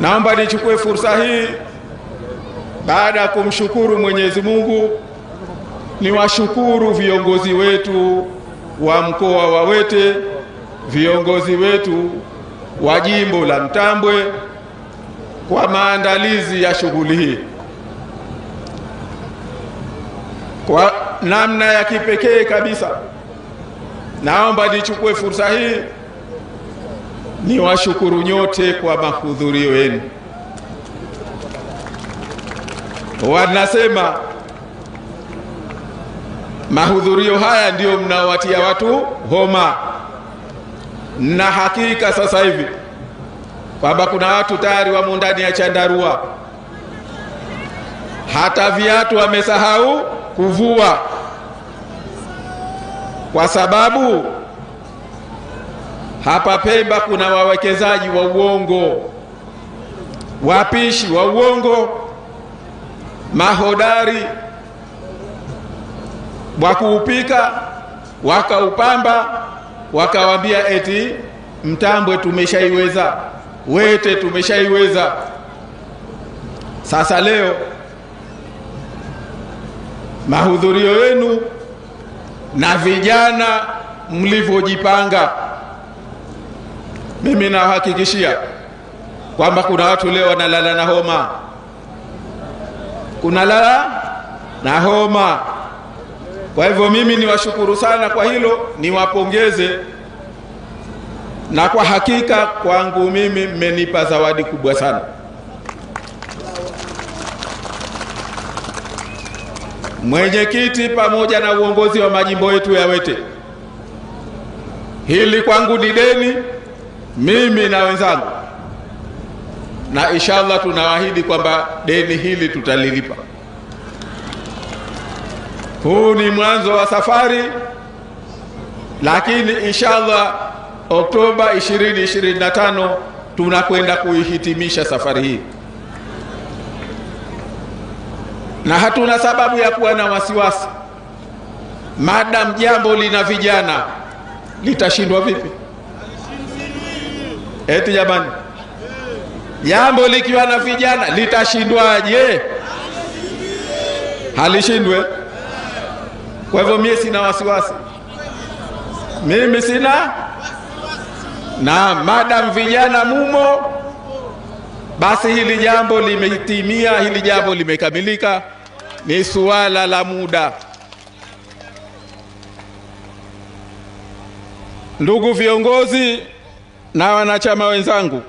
Naomba nichukue fursa hii baada ya kumshukuru Mwenyezi Mungu, niwashukuru viongozi wetu wa mkoa wa Wete, viongozi wetu wa jimbo la Mtambwe kwa maandalizi ya shughuli hii kwa namna ya kipekee kabisa. Naomba nichukue fursa hii ni washukuru nyote kwa mahudhurio yenu. Wanasema mahudhurio haya ndio mnawatia watu homa, na hakika sasa hivi kwamba kuna watu tayari wamo ndani ya chandarua, hata viatu wamesahau kuvua kwa sababu hapa Pemba kuna wawekezaji wa uongo, wapishi wa uongo, mahodari wakuupika wakaupamba, wakawambia eti Mtambwe tumeshaiweza, Wete tumeshaiweza. Sasa leo mahudhurio yenu na vijana mlivyojipanga mimi nawahakikishia kwamba kuna watu leo wanalala na homa, kuna lala na homa. Kwa hivyo mimi niwashukuru sana kwa hilo, niwapongeze na kwa hakika kwangu mimi mmenipa zawadi kubwa sana. Mwenyekiti pamoja na uongozi wa majimbo yetu ya Wete, hili kwangu ni deni mimi na wenzangu, na inshallah tunaahidi kwamba deni hili tutalilipa. Huu ni mwanzo wa safari, lakini inshallah Oktoba 2025 tunakwenda kuihitimisha safari hii, na hatuna sababu ya kuwa na wasiwasi, madam jambo lina vijana litashindwa vipi? Eti jamani, jambo likiwa na vijana litashindwaje? Halishindwe. Kwa hivyo mie sina wasiwasi, mimi sina na madam vijana mumo, basi hili jambo limetimia, hili jambo limekamilika. Ni suala la muda. Ndugu viongozi na wanachama wenzangu,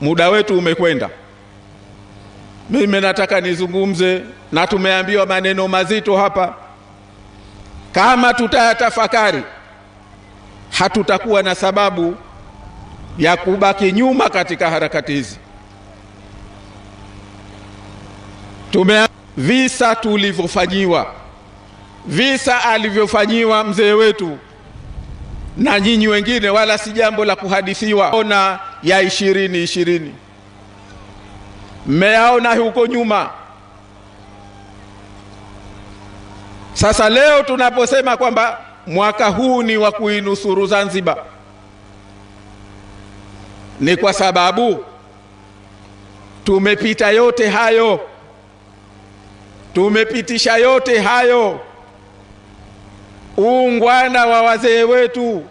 muda wetu umekwenda. Mimi nataka nizungumze, na tumeambiwa maneno mazito hapa. Kama tutayatafakari, hatutakuwa na sababu ya kubaki nyuma katika harakati hizi. Tume visa tulivyofanyiwa, visa alivyofanyiwa mzee wetu na nyinyi wengine, wala si jambo la kuhadithiwa. Ona ya ishirini ishirini mmeyaona huko nyuma. Sasa leo tunaposema kwamba mwaka huu ni wa kuinusuru Zanzibar, ni kwa sababu tumepita yote hayo, tumepitisha yote hayo uungwana wa wazee wetu,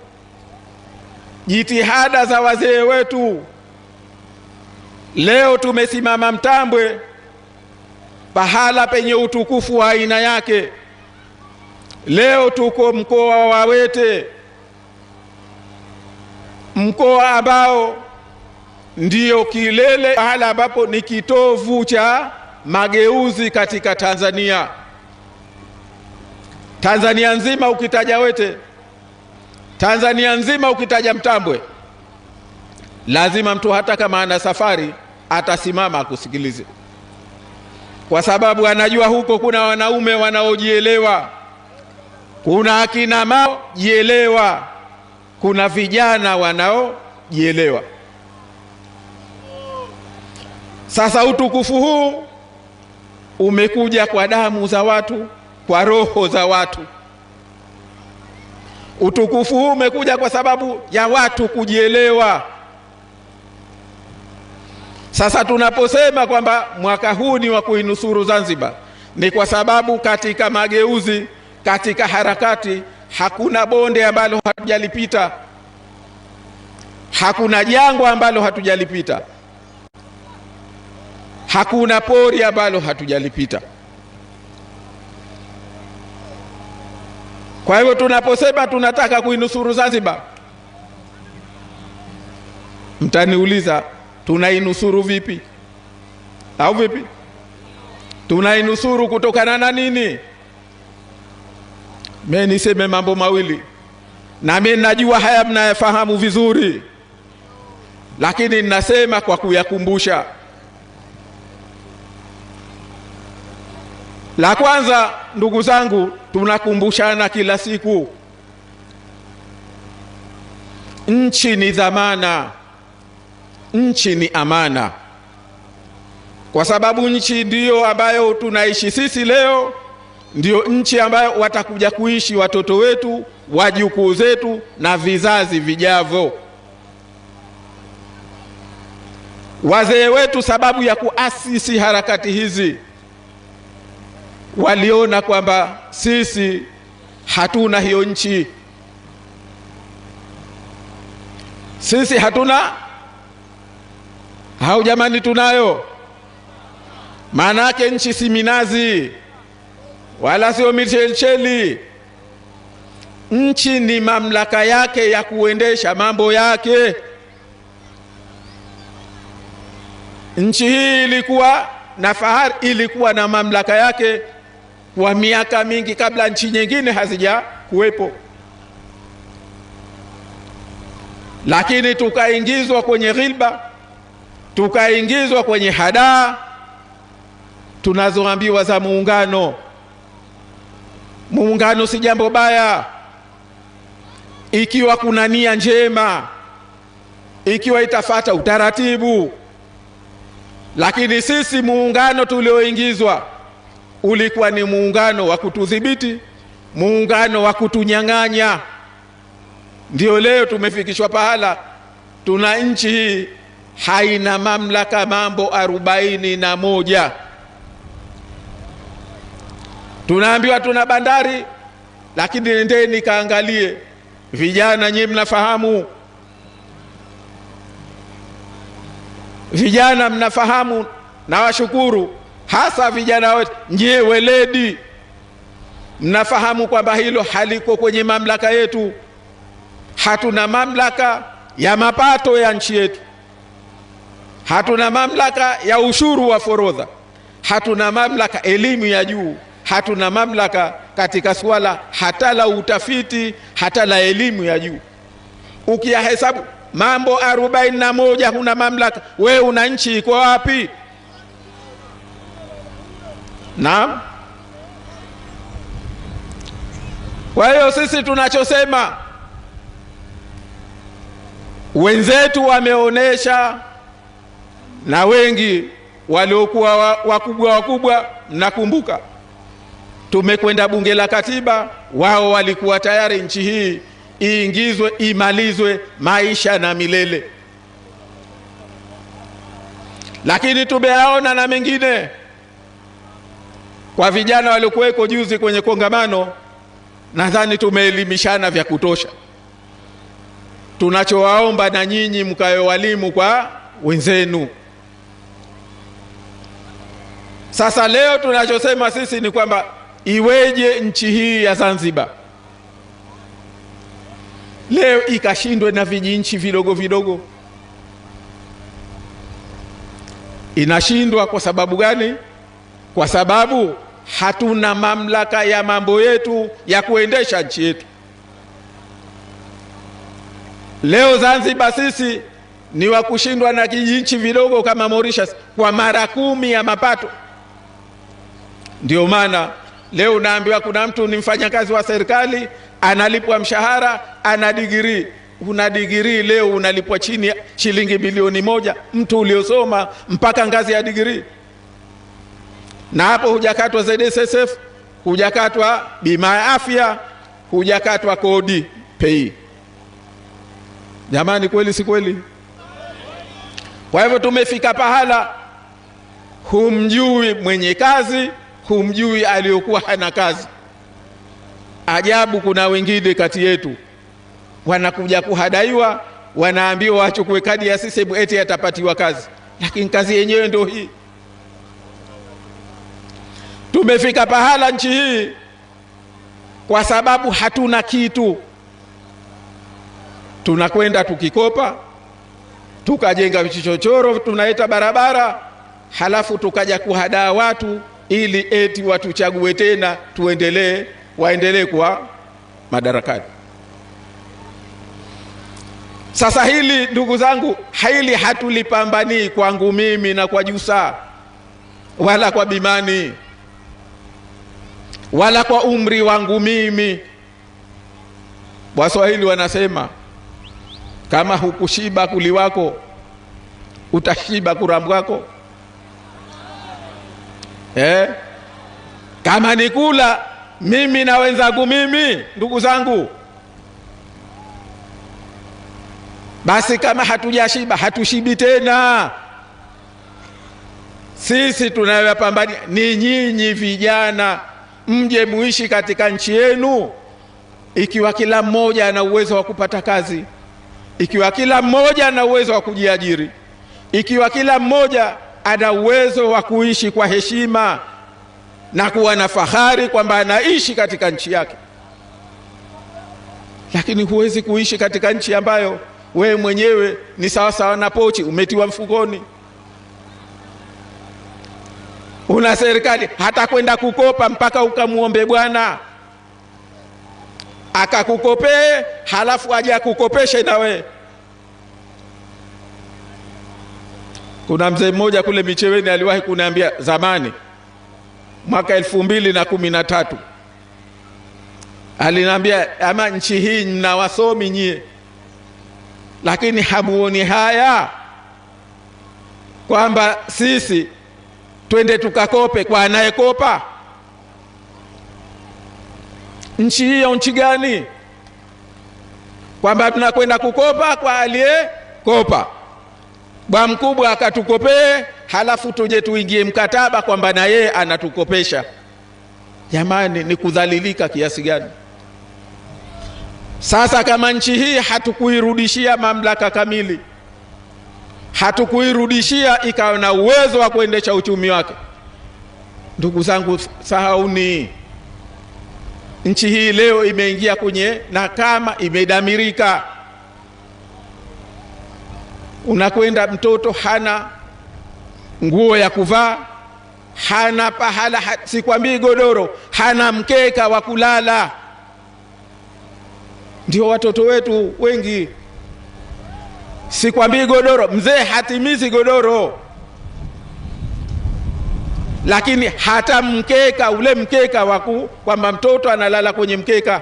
jitihada za wazee wetu. Leo tumesimama Mtambwe, pahala penye utukufu wa aina yake. Leo tuko mkoa wa Wete, mkoa ambao ndio kilele, pahala ambapo ni kitovu cha mageuzi katika Tanzania. Tanzania nzima ukitaja Wete, Tanzania nzima ukitaja Mtambwe, lazima mtu hata kama ana safari atasimama akusikilize, kwa sababu anajua huko kuna wanaume wanaojielewa, kuna akina mao jielewa, kuna vijana wanaojielewa. Sasa utukufu huu umekuja kwa damu za watu kwa roho za watu. Utukufu huu umekuja kwa sababu ya watu kujielewa. Sasa tunaposema kwamba mwaka huu ni wa kuinusuru Zanzibar, ni kwa sababu katika mageuzi, katika harakati, hakuna bonde ambalo hatujalipita, hakuna jangwa ambalo hatujalipita, hakuna pori ambalo hatujalipita. Kwa hivyo tunaposema tunataka kuinusuru Zanzibar, mtaniuliza tunainusuru vipi? Au vipi? Tunainusuru kutokana na nini? Mimi niseme mambo mawili, na mimi najua haya mnayafahamu vizuri, lakini ninasema kwa kuyakumbusha. La kwanza, ndugu zangu, tunakumbushana kila siku, nchi ni dhamana, nchi ni amana, kwa sababu nchi ndiyo ambayo tunaishi sisi leo, ndiyo nchi ambayo watakuja kuishi watoto wetu, wajukuu zetu na vizazi vijavyo. Wazee wetu sababu ya kuasisi harakati hizi waliona kwamba sisi hatuna hiyo nchi, sisi hatuna au jamani, tunayo. Maana yake nchi si minazi wala sio michelcheli. Nchi ni mamlaka yake ya kuendesha mambo yake. Nchi hii ilikuwa na fahari, ilikuwa na mamlaka yake wa miaka mingi kabla nchi nyingine hazija kuwepo, lakini tukaingizwa kwenye ghilba, tukaingizwa kwenye hadaa tunazoambiwa za muungano. Muungano si jambo baya ikiwa kuna nia njema, ikiwa itafata utaratibu, lakini sisi muungano tulioingizwa ulikuwa ni muungano wa kutudhibiti, muungano wa kutunyang'anya. Ndio leo tumefikishwa pahala tuna nchi hii haina mamlaka mambo arobaini na moja. Tunaambiwa tuna bandari, lakini nendeni kaangalie. Vijana nyie, mnafahamu vijana, mnafahamu na washukuru hasa vijana wote. Nyie weledi, mnafahamu kwamba hilo haliko kwenye mamlaka yetu. Hatuna mamlaka ya mapato ya nchi yetu, hatuna mamlaka ya ushuru wa forodha, hatuna mamlaka elimu ya juu, hatuna mamlaka katika swala hata la utafiti, hata la elimu ya juu. Ukiyahesabu mambo arobaini na moja huna mamlaka. We una nchi iko wapi? Naam. Kwa hiyo sisi tunachosema, wenzetu wameonesha na wengi waliokuwa wakubwa wakubwa, mnakumbuka tumekwenda bunge la katiba, wao walikuwa tayari nchi hii iingizwe imalizwe maisha na milele, lakini tumeaona na mengine kwa vijana waliokuweko juzi kwenye kongamano, nadhani tumeelimishana vya kutosha. Tunachowaomba na nyinyi mkawe walimu kwa wenzenu. Sasa leo tunachosema sisi ni kwamba iweje nchi hii ya Zanzibar leo ikashindwe na vijinchi vidogo vidogo? Inashindwa kwa sababu gani? kwa sababu hatuna mamlaka ya mambo yetu ya kuendesha nchi yetu. Leo Zanzibar sisi ni wa kushindwa na kijinchi vidogo kama Mauritius kwa mara kumi ya mapato. Ndio maana leo unaambiwa kuna mtu ni mfanyakazi wa serikali analipwa mshahara, ana digirii. Una digirii leo unalipwa chini shilingi bilioni moja, mtu uliosoma mpaka ngazi ya digirii na hapo hujakatwa ZSSF, hujakatwa bima ya afya, hujakatwa kodi pei. Jamani, kweli si kweli? Kwa hivyo tumefika pahala, humjui mwenye kazi, humjui aliyokuwa hana kazi. Ajabu, kuna wengine kati yetu wanakuja kuhadaiwa, wanaambiwa wachukue kadi ya CCM eti atapatiwa kazi, lakini kazi yenyewe ndio hii. Tumefika pahala nchi hii kwa sababu hatuna kitu, tunakwenda tukikopa, tukajenga vichochoro, tunaita barabara, halafu tukaja kuhadaa watu ili eti watuchague tena tuendelee, waendelee kuwa madarakani. Sasa hili ndugu zangu, hili hatulipambanii kwangu mimi na kwa Jusa wala kwa Bimani wala kwa umri wangu mimi. Waswahili wanasema kama hukushiba kuli wako utashiba kuram wako eh? Kama kula mimi na wenzangu mimi, ndugu zangu, basi kama hatujashiba hatushibi tena. Sisi tunayapambania ni nyinyi vijana mje muishi katika nchi yenu, ikiwa kila mmoja ana uwezo wa kupata kazi, ikiwa kila mmoja ana uwezo wa kujiajiri, ikiwa kila mmoja ana uwezo wa kuishi kwa heshima na kuwa na fahari kwamba anaishi katika nchi yake. Lakini huwezi kuishi katika nchi ambayo wewe mwenyewe ni sawasawa na pochi umetiwa mfukoni una serikali hata kwenda kukopa mpaka ukamwombe bwana akakukopee, halafu aje akukopeshe na we. Kuna mzee mmoja kule Micheweni aliwahi kuniambia zamani, mwaka elfu mbili na kumi na tatu aliniambia, ama nchi hii mna wasomi nyie, lakini hamuoni haya kwamba sisi twende tukakope kwa anayekopa. Nchi hiyo nchi gani? Kwamba tunakwenda kukopa kwa aliyekopa, bwa mkubwa akatukopee, halafu tuje tuingie mkataba kwamba na yeye anatukopesha. Jamani, ni kudhalilika kiasi gani? Sasa kama nchi hii hatukuirudishia mamlaka kamili hatukuirudishia ikawa na uwezo wa kuendesha uchumi wake. Ndugu zangu, sahauni, nchi hii leo imeingia kwenye na kama imedamirika. Unakwenda mtoto hana nguo ya kuvaa, hana pahala, sikwambii godoro, hana mkeka wa kulala. Ndio watoto wetu wengi sikwambii godoro, mzee hatimizi godoro, lakini hata mkeka ule mkeka wa kwamba mtoto analala kwenye mkeka.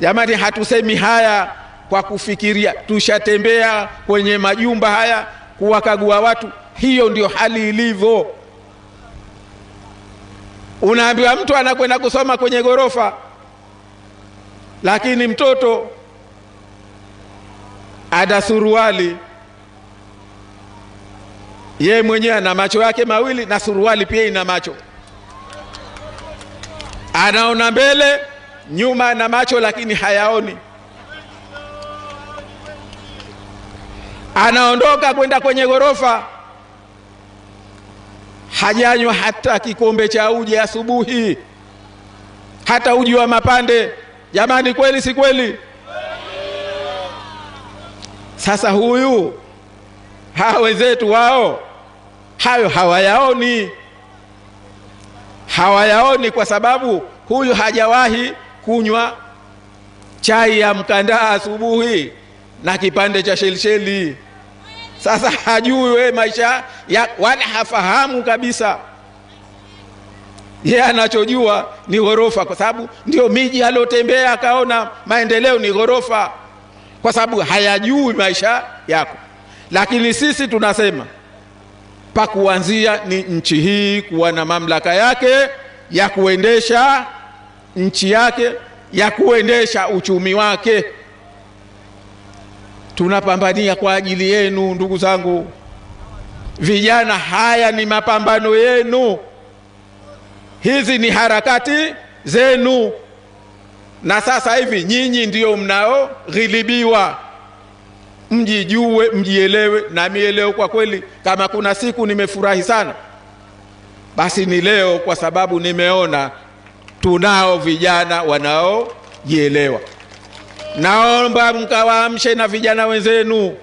Jamani, hatusemi haya kwa kufikiria, tushatembea kwenye majumba haya kuwakagua watu, hiyo ndio hali ilivyo. Unaambiwa mtu anakwenda kusoma kwenye ghorofa, lakini mtoto ada suruali ye mwenyewe ana macho yake mawili na suruali pia ina macho, anaona mbele, nyuma ana macho lakini hayaoni. Anaondoka kwenda kwenye ghorofa, hajanywa hata kikombe cha uji asubuhi, hata uji wa mapande. Jamani, kweli si kweli? Sasa huyu hawa wenzetu wao hayo hawayaoni, hawayaoni kwa sababu huyu hajawahi kunywa chai ya mkandaa asubuhi na kipande cha shelisheli. Sasa hajui we maisha ya, wala hafahamu kabisa yeye. anachojua ni ghorofa, kwa sababu ndio miji aliotembea akaona maendeleo ni ghorofa kwa sababu hayajui maisha yako. Lakini sisi tunasema pa kuanzia ni nchi hii kuwa na mamlaka yake ya kuendesha nchi yake ya kuendesha uchumi wake. Tunapambania kwa ajili yenu, ndugu zangu vijana. Haya ni mapambano yenu, hizi ni harakati zenu na sasa hivi nyinyi ndiyo mnaoghilibiwa. Mjijue, mjielewe. Na mielewe kwa kweli, kama kuna siku nimefurahi sana, basi ni leo, kwa sababu nimeona tunao vijana wanaojielewa. Naomba mkawaamshe na vijana wenzenu.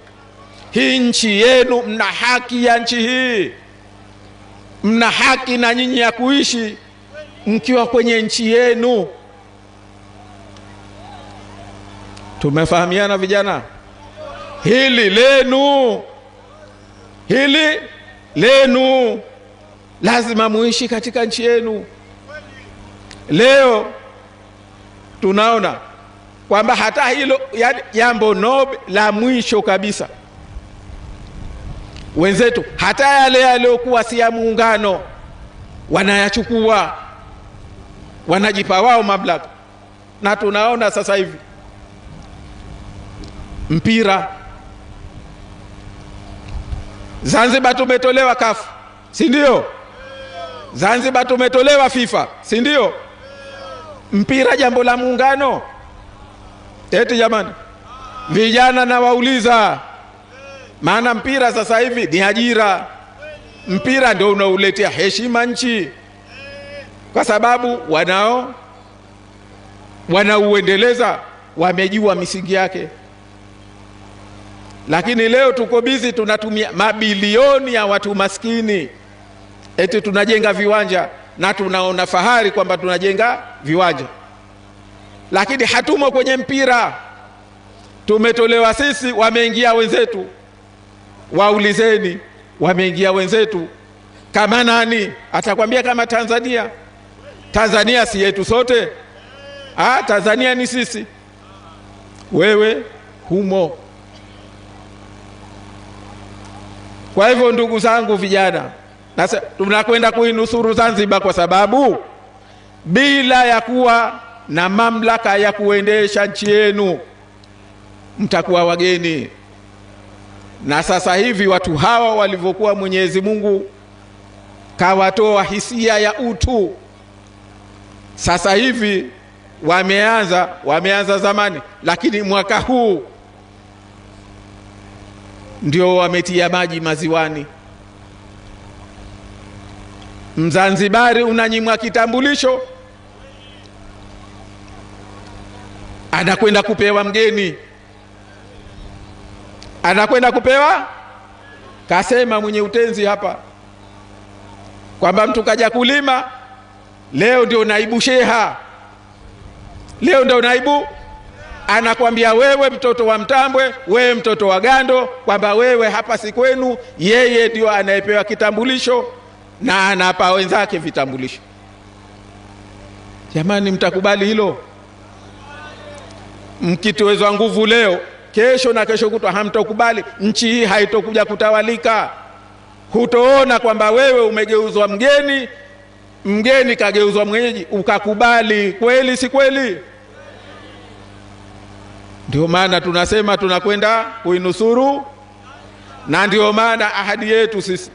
Hii nchi yenu, mna haki ya nchi hii, mna haki na nyinyi ya kuishi mkiwa kwenye nchi yenu. Tumefahamiana vijana, hili lenu, hili lenu, lazima muishi katika nchi yenu. Leo tunaona kwamba hata hilo yani, jambo nobe la mwisho kabisa, wenzetu hata yale yaliyokuwa si ya muungano wanayachukua, wanajipa wao mamlaka, na tunaona sasa hivi mpira. Zanzibar tumetolewa kafu, si ndio? Zanzibar tumetolewa FIFA, si ndio? Mpira jambo la muungano eti jamani, vijana nawauliza, maana mpira sasa hivi ni ajira. Mpira ndio unauletea heshima nchi, kwa sababu wanao wanauendeleza, wamejua misingi yake. Lakini leo tuko bizi, tunatumia mabilioni ya watu maskini, eti tunajenga viwanja na tunaona fahari kwamba tunajenga viwanja, lakini hatumo kwenye mpira. Tumetolewa sisi, wameingia wenzetu. Waulizeni, wameingia wenzetu kama nani? Atakwambia kama Tanzania. Tanzania si yetu sote? Ah, Tanzania ni sisi. Wewe humo Kwa hivyo ndugu zangu vijana, nasa tunakwenda kuinusuru Zanzibar kwa sababu bila ya kuwa na mamlaka ya kuendesha nchi yenu mtakuwa wageni. Na sasa hivi watu hawa walivyokuwa, Mwenyezi Mungu kawatoa hisia ya utu, sasa hivi wameanza, wameanza zamani, lakini mwaka huu ndio wametia maji maziwani. Mzanzibari unanyimwa kitambulisho, anakwenda kupewa mgeni, anakwenda kupewa. Kasema mwenye utenzi hapa kwamba mtu kaja kulima, leo ndio naibu sheha, leo ndio naibu anakwambia wewe mtoto wa Mtambwe, wewe mtoto wa Gando, kwamba wewe hapa si kwenu. Yeye ndio anayepewa kitambulisho na anapa wenzake vitambulisho. Jamani, mtakubali hilo? mkitowezwa nguvu leo, kesho na kesho kutwa hamtokubali. Nchi hii haitokuja kutawalika. Hutoona kwamba wewe umegeuzwa mgeni, mgeni kageuzwa mwenyeji, ukakubali. Kweli si kweli? Ndio maana tunasema tunakwenda kuinusuru, na ndio maana ahadi yetu sisi,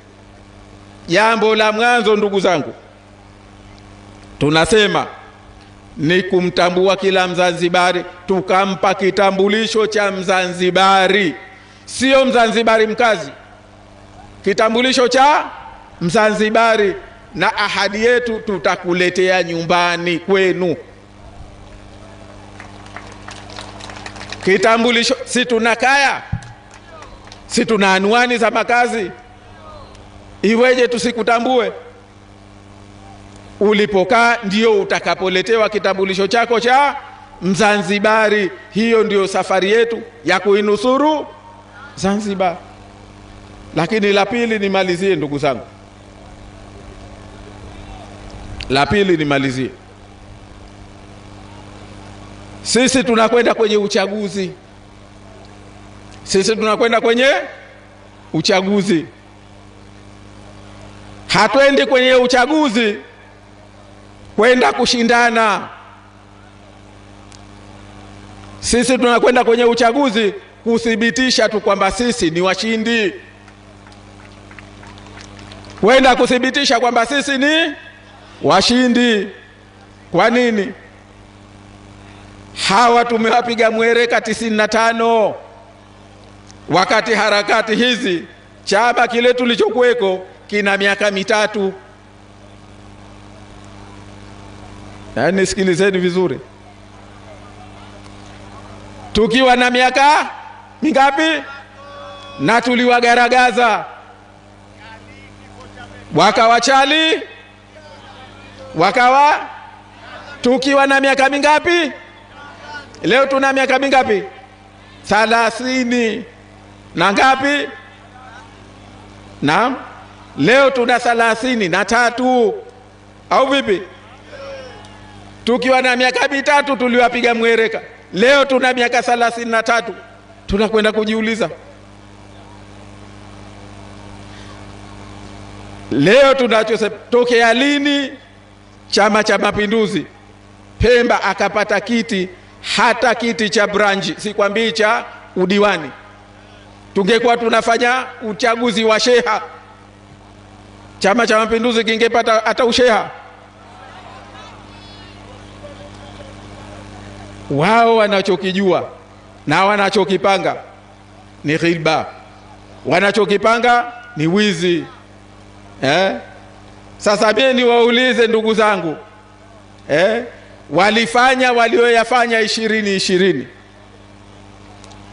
jambo la mwanzo, ndugu zangu, tunasema ni kumtambua kila Mzanzibari, tukampa kitambulisho cha Mzanzibari, sio Mzanzibari mkazi, kitambulisho cha Mzanzibari. Na ahadi yetu tutakuletea nyumbani kwenu. Kitambulisho si tuna kaya, si tuna anwani za makazi, iweje tusikutambue? Ulipokaa ndio utakapoletewa kitambulisho chako cha Mzanzibari. Hiyo ndio safari yetu ya kuinusuru Zanzibar. Lakini la pili nimalizie, ndugu zangu, la pili nimalizie sisi tunakwenda kwenye uchaguzi, sisi tunakwenda kwenye uchaguzi. Hatwendi kwenye uchaguzi kwenda kushindana, sisi tunakwenda kwenye uchaguzi kuthibitisha tu kwamba sisi ni washindi, kwenda kuthibitisha kwamba sisi ni washindi. Kwa nini? hawa tumewapiga mwereka 95 wakati harakati hizi chama kile tulichokuweko kina miaka mitatu yaani sikilizeni vizuri tukiwa na miaka mingapi na tuliwagaragaza wakawachali wakawa tukiwa na miaka mingapi Leo tuna miaka mingapi? Thalathini na ngapi? Naam, leo tuna thalathini na tatu au vipi? Tukiwa na miaka mitatu tuliwapiga mwereka, leo tuna miaka thalathini na tatu. Tunakwenda kujiuliza leo tunachotokea lini? Chama cha Mapinduzi Pemba akapata kiti hata kiti cha si sikwambii cha udiwani. Tungekuwa tunafanya uchaguzi wa sheha, Chama cha Mapinduzi kingepata hata usheha. Wao wanachokijua na wanachokipanga ni riba, wanachokipanga ni wizi eh? Sasa mie niwaulize ndugu zangu eh? walifanya walioyafanya ishirini ishirini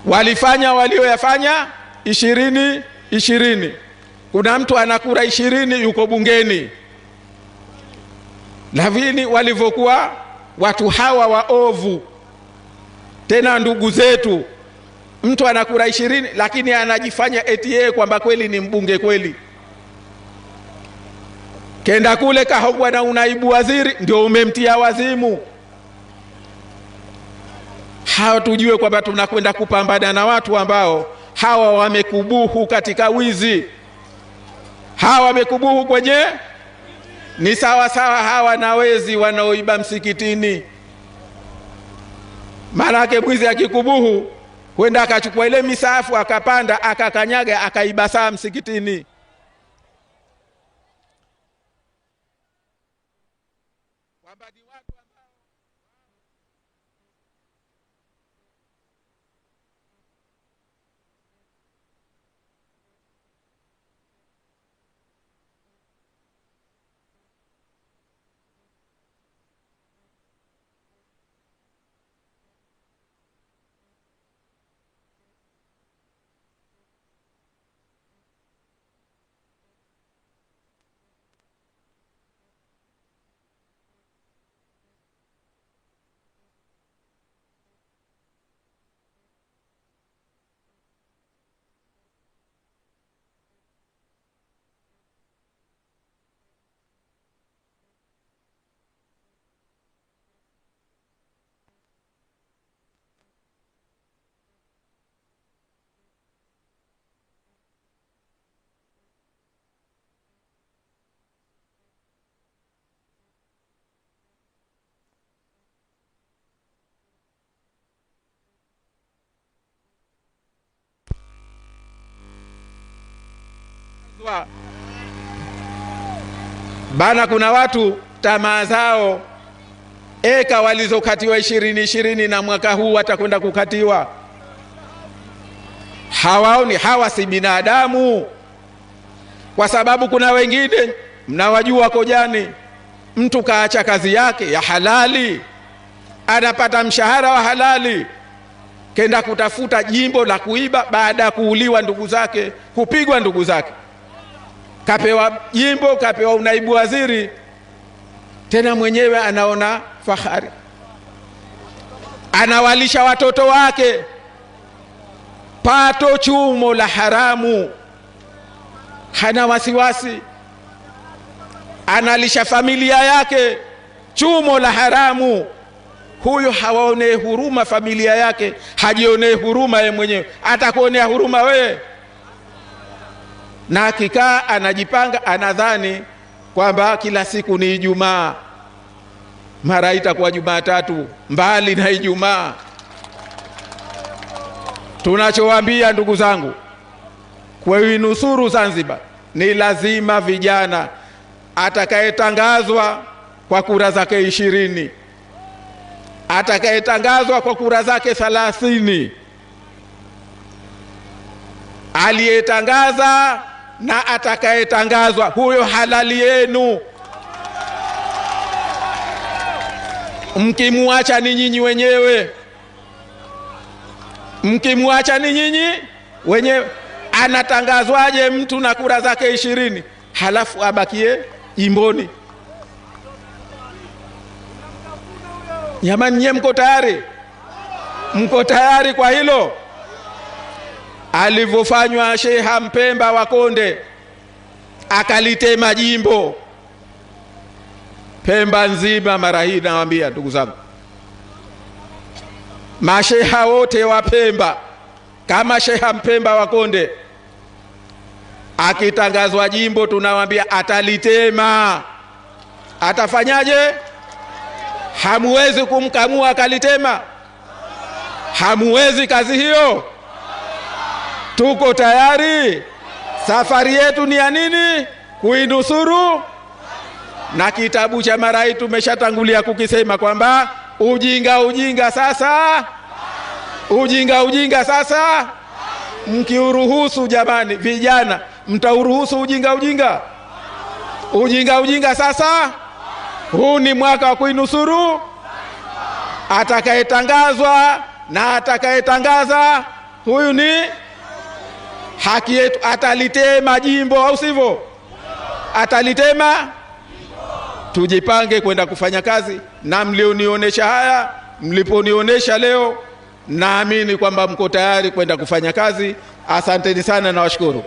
walifanya walioyafanya ishirini ishirini kuna mtu anakura ishirini yuko bungeni lakini walivyokuwa watu hawa waovu tena ndugu zetu mtu anakura ishirini lakini anajifanya eti yeye kwamba kweli ni mbunge kweli kenda kule kahogwa na unaibu waziri, ndio umemtia wazimu. Hawa tujue kwamba tunakwenda kupambana na watu ambao hawa wamekubuhu katika wizi, hawa wamekubuhu kwenye ni sawa sawa hawa na wezi wanaoiba msikitini. Maanake mwizi akikubuhu kwenda akachukua ile misaafu akapanda akakanyaga akaiba saa msikitini. kusikilizwa bana. Kuna watu tamaa zao eka walizokatiwa ishirini ishirini na mwaka huu watakwenda kukatiwa. Hawaoni hawa si binadamu, kwa sababu kuna wengine mnawajua wako jani. Mtu kaacha kazi yake ya halali, anapata mshahara wa halali, kenda kutafuta jimbo la kuiba, baada ya kuuliwa ndugu zake, kupigwa ndugu zake kapewa jimbo, kapewa unaibu waziri, tena mwenyewe anaona fahari, anawalisha watoto wake pato chumo la haramu, hana wasiwasi, analisha familia yake chumo la haramu. Huyo hawaonee huruma familia yake, hajionee huruma yeye mwenyewe, atakuonea huruma wewe? na akikaa anajipanga, anadhani kwamba kila siku ni Ijumaa, mara itakuwa Jumatatu, mbali na Ijumaa. Tunachowaambia ndugu zangu, kuinusuru Zanzibar ni lazima vijana, atakayetangazwa kwa kura zake ishirini, atakayetangazwa kwa kura zake thalathini, aliyetangaza na atakayetangazwa huyo halali yenu, mkimwacha ni nyinyi wenyewe, mkimwacha ni nyinyi wenyewe. Anatangazwaje mtu na kura zake ishirini halafu abakie jimboni? Jamani, nyie mko tayari? Mko tayari kwa hilo? alivyofanywa sheha Mpemba wa Konde, akalitema jimbo Pemba nzima. Mara hii nawaambia ndugu zangu, masheha wote wa Pemba kama sheha Mpemba wa Konde akitangazwa jimbo, tunawambia atalitema. Atafanyaje? Hamuwezi kumkamua akalitema, hamuwezi kazi hiyo. Tuko tayari. Safari yetu ni ya nini? Kuinusuru. Na kitabu cha marai tumeshatangulia kukisema kwamba ujinga ujinga sasa, ujinga ujinga sasa. Mkiuruhusu jamani, vijana, mtauruhusu ujinga ujinga, ujinga ujinga sasa. Huu ni mwaka wa kuinusuru. Atakayetangazwa na atakayetangaza huyu ni haki yetu, atalitema jimbo au sivyo? Atalitema. Tujipange kwenda kufanya kazi, na mlionionyesha haya, mliponionyesha leo, naamini kwamba mko tayari kwenda kufanya kazi. Asanteni sana, nawashukuru.